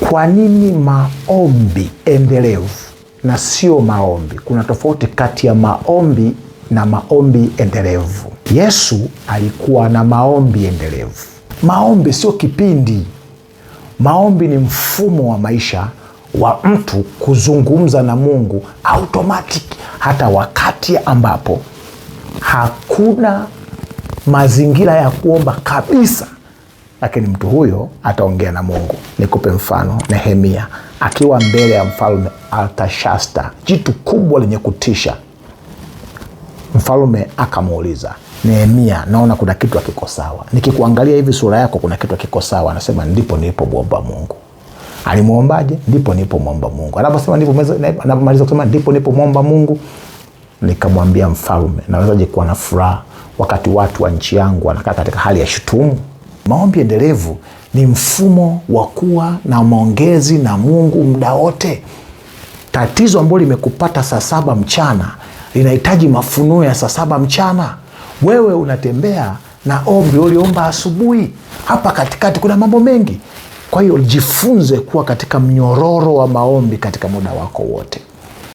Kwa nini maombi endelevu na sio maombi? Kuna tofauti kati ya maombi na maombi endelevu. Yesu alikuwa na maombi endelevu. Maombi sio kipindi, maombi ni mfumo wa maisha wa mtu kuzungumza na Mungu automatic, hata wakati ambapo hakuna mazingira ya kuomba kabisa lakini mtu huyo ataongea na Mungu. Nikupe mfano, Nehemia akiwa mbele ya mfalme Altashasta, jitu kubwa lenye kutisha. Mfalme akamuuliza Nehemia, naona kuna kitu hakiko sawa, nikikuangalia hivi sura yako, kuna kitu hakiko sawa. Anasema ndipo nilipomwomba Mungu. Alimwombaje? Ndipo nilipomwomba Mungu. Anaposema anapomaliza kusema ndipo nilipomwomba Mungu, nikamwambia mfalme, nawezaje kuwa na furaha wakati watu wa nchi yangu wanakaa katika hali ya shutumu Maombi endelevu ni mfumo wa kuwa na maongezi na Mungu muda wote. Tatizo ambalo limekupata saa saba mchana linahitaji mafunuo ya saa saba mchana. Wewe unatembea na ombi uliomba asubuhi. Hapa katikati kuna mambo mengi. Kwa hiyo jifunze kuwa katika mnyororo wa maombi katika muda wako wote.